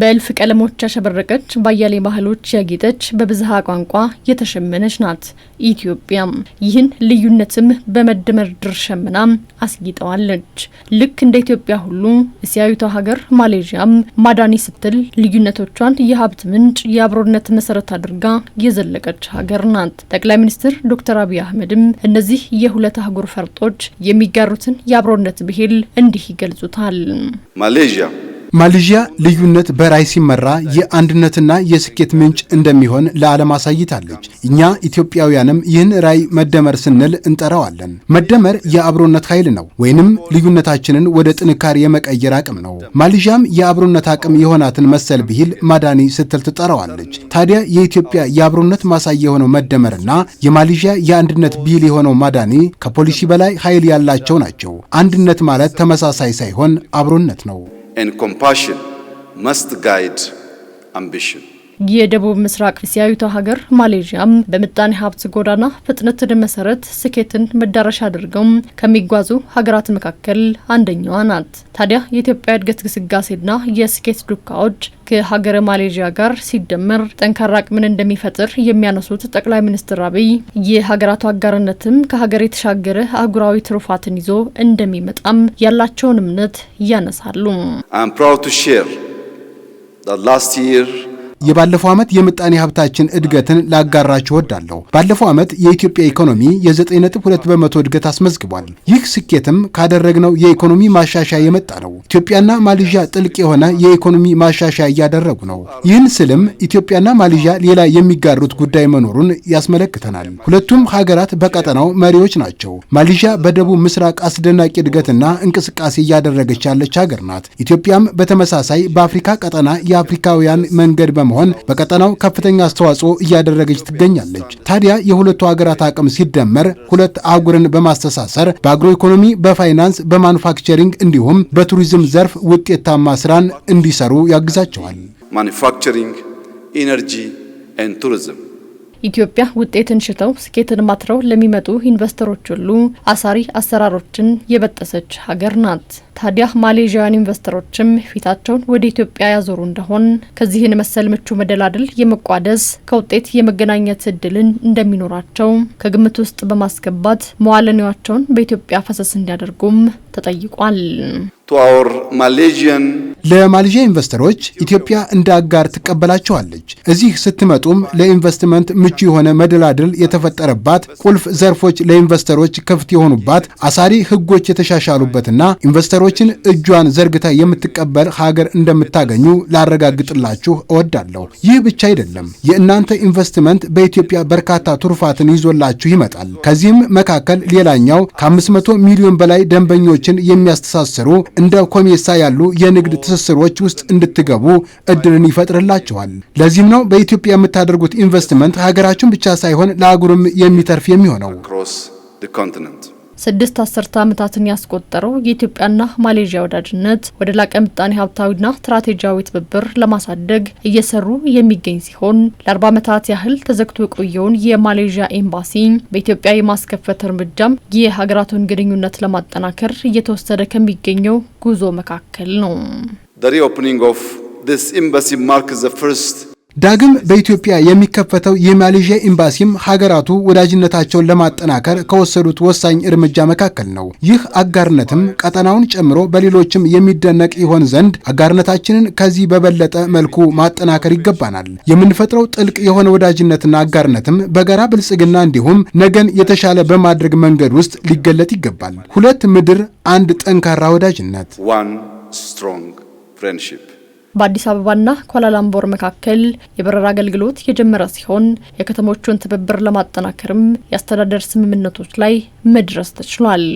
በእልፍ ቀለሞች ያሸበረቀች ባያሌ ባህሎች ያጌጠች በብዝሃ ቋንቋ የተሸመነች ናት ኢትዮጵያ። ይህን ልዩነትም በመደመር ድር ሸምና አስጊጠዋለች። ልክ እንደ ኢትዮጵያ ሁሉ እስያዊቷ ሀገር ማሌዥያም ማዳኒ ስትል ልዩነቶቿን የሀብት ምንጭ፣ የአብሮነት መሰረት አድርጋ የዘለቀች ሀገር ናት። ጠቅላይ ሚኒስትር ዶክተር አብይ አህመድም እነዚህ የሁለት አህጉር ፈርጦች የሚጋሩትን የአብሮነት ብሄል እንዲህ ይገልጹታል። ማሌዥያ ማሌዥያ ልዩነት በራይ ሲመራ የአንድነትና የስኬት ምንጭ እንደሚሆን ለዓለም አሳይታለች። እኛ ኢትዮጵያውያንም ይህን ራይ መደመር ስንል እንጠራዋለን። መደመር የአብሮነት ኃይል ነው፣ ወይንም ልዩነታችንን ወደ ጥንካሬ የመቀየር አቅም ነው። ማሌዥያም የአብሮነት አቅም የሆናትን መሰል ብሂል ማዳኒ ስትል ትጠራዋለች። ታዲያ የኢትዮጵያ የአብሮነት ማሳያ የሆነው መደመርና የማሌዥያ የአንድነት ብሂል የሆነው ማዳኒ ከፖሊሲ በላይ ኃይል ያላቸው ናቸው። አንድነት ማለት ተመሳሳይ ሳይሆን አብሮነት ነው። and compassion must guide ambition. የደቡብ ምስራቅ እስያዊቷ ሀገር ማሌዥያም በምጣኔ ሀብት ጎዳና ፍጥነትን መሰረት ስኬትን መዳረሻ አድርገው ከሚጓዙ ሀገራት መካከል አንደኛዋ ናት። ታዲያ የኢትዮጵያ እድገት ግስጋሴና የስኬት ዱካዎች ከሀገረ ማሌዥያ ጋር ሲደመር ጠንካራ አቅምን እንደሚፈጥር የሚያነሱት ጠቅላይ ሚኒስትር አብይ የሀገራቱ አጋርነትም ከሀገር የተሻገረ አህጉራዊ ትሩፋትን ይዞ እንደሚመጣም ያላቸውን እምነት ያነሳሉ። የባለፈው ዓመት የምጣኔ ሀብታችን እድገትን ላጋራችሁ እወዳለሁ። ባለፈው ዓመት የኢትዮጵያ ኢኮኖሚ የ9.2 በመቶ እድገት አስመዝግቧል። ይህ ስኬትም ካደረግነው የኢኮኖሚ ማሻሻያ የመጣ ነው። ኢትዮጵያና ማሌዥያ ጥልቅ የሆነ የኢኮኖሚ ማሻሻያ እያደረጉ ነው። ይህን ስልም ኢትዮጵያና ማሌዥያ ሌላ የሚጋሩት ጉዳይ መኖሩን ያስመለክተናል። ሁለቱም ሀገራት በቀጠናው መሪዎች ናቸው። ማሌዥያ በደቡብ ምስራቅ አስደናቂ እድገትና እንቅስቃሴ እያደረገች ያለች ሀገር ናት። ኢትዮጵያም በተመሳሳይ በአፍሪካ ቀጠና የአፍሪካውያን መንገድ በመ በመሆን በቀጠናው ከፍተኛ አስተዋጽኦ እያደረገች ትገኛለች። ታዲያ የሁለቱ ሀገራት አቅም ሲደመር ሁለት አህጉርን በማስተሳሰር በአግሮ ኢኮኖሚ፣ በፋይናንስ፣ በማኑፋክቸሪንግ እንዲሁም በቱሪዝም ዘርፍ ውጤታማ ስራን እንዲሰሩ ያግዛቸዋል። ማኑፋክቸሪንግ ኢነርጂ ኤንድ ቱሪዝም ኢትዮጵያ ውጤትን ሽተው ስኬትን ማትረው ለሚመጡ ኢንቨስተሮች ሁሉ አሳሪ አሰራሮችን የበጠሰች ሀገር ናት። ታዲያ ማሌዥያውያን ኢንቨስተሮችም ፊታቸውን ወደ ኢትዮጵያ ያዞሩ እንደሆን ከዚህን መሰል ምቹ መደላድል የመቋደስ ከውጤት የመገናኘት እድልን እንደሚኖራቸው ከግምት ውስጥ በማስገባት መዋለ በኢትዮጵያ ፈሰስ እንዲያደርጉም ተጠይቋል። ቱ አወር ማሌዥያን ለማሌዥያ ኢንቨስተሮች ኢትዮጵያ እንደ አጋር ትቀበላቸዋለች። እዚህ ስትመጡም ለኢንቨስትመንት ምቹ የሆነ መደላድል የተፈጠረባት፣ ቁልፍ ዘርፎች ለኢንቨስተሮች ክፍት የሆኑባት፣ አሳሪ ህጎች የተሻሻሉበትና ኢንቨስተሮችን እጇን ዘርግታ የምትቀበል ሀገር እንደምታገኙ ላረጋግጥላችሁ እወዳለሁ። ይህ ብቻ አይደለም። የእናንተ ኢንቨስትመንት በኢትዮጵያ በርካታ ቱርፋትን ይዞላችሁ ይመጣል። ከዚህም መካከል ሌላኛው ከ500 ሚሊዮን በላይ ደንበኞችን የሚያስተሳስሩ እንደ ኮሜሳ ያሉ የንግድ ትስስሮች ውስጥ እንድትገቡ እድልን ይፈጥርላቸዋል ለዚህም ነው በኢትዮጵያ የምታደርጉት ኢንቨስትመንት ሀገራችን ብቻ ሳይሆን ለአህጉርም የሚተርፍ የሚሆነው። ስድስት አስርተ ዓመታትን ያስቆጠረው የኢትዮጵያና ማሌዥያ ወዳጅነት ወደ ላቀ ምጣኔ ሀብታዊና ስትራቴጂያዊ ትብብር ለማሳደግ እየሰሩ የሚገኝ ሲሆን ለአርባ ዓመታት ያህል ተዘግቶ የቆየውን የማሌዥያ ኤምባሲ በኢትዮጵያ የማስከፈት እርምጃም የሀገራቱን ግንኙነት ለማጠናከር እየተወሰደ ከሚገኘው ጉዞ መካከል ነው። ዳግም በኢትዮጵያ የሚከፈተው የማሌዥያ ኤምባሲም ሀገራቱ ወዳጅነታቸውን ለማጠናከር ከወሰዱት ወሳኝ እርምጃ መካከል ነው። ይህ አጋርነትም ቀጠናውን ጨምሮ በሌሎችም የሚደነቅ ይሆን ዘንድ አጋርነታችንን ከዚህ በበለጠ መልኩ ማጠናከር ይገባናል። የምንፈጥረው ጥልቅ የሆነ ወዳጅነትና አጋርነትም በጋራ ብልጽግና እንዲሁም ነገን የተሻለ በማድረግ መንገድ ውስጥ ሊገለጥ ይገባል። ሁለት ምድር አንድ ጠንካራ ወዳጅነት ፍሬንድሺፕ በአዲስ አበባና ኳላላምቦር መካከል የበረራ አገልግሎት የጀመረ ሲሆን የከተሞቹን ትብብር ለማጠናከርም የአስተዳደር ስምምነቶች ላይ መድረስ ተችሏል።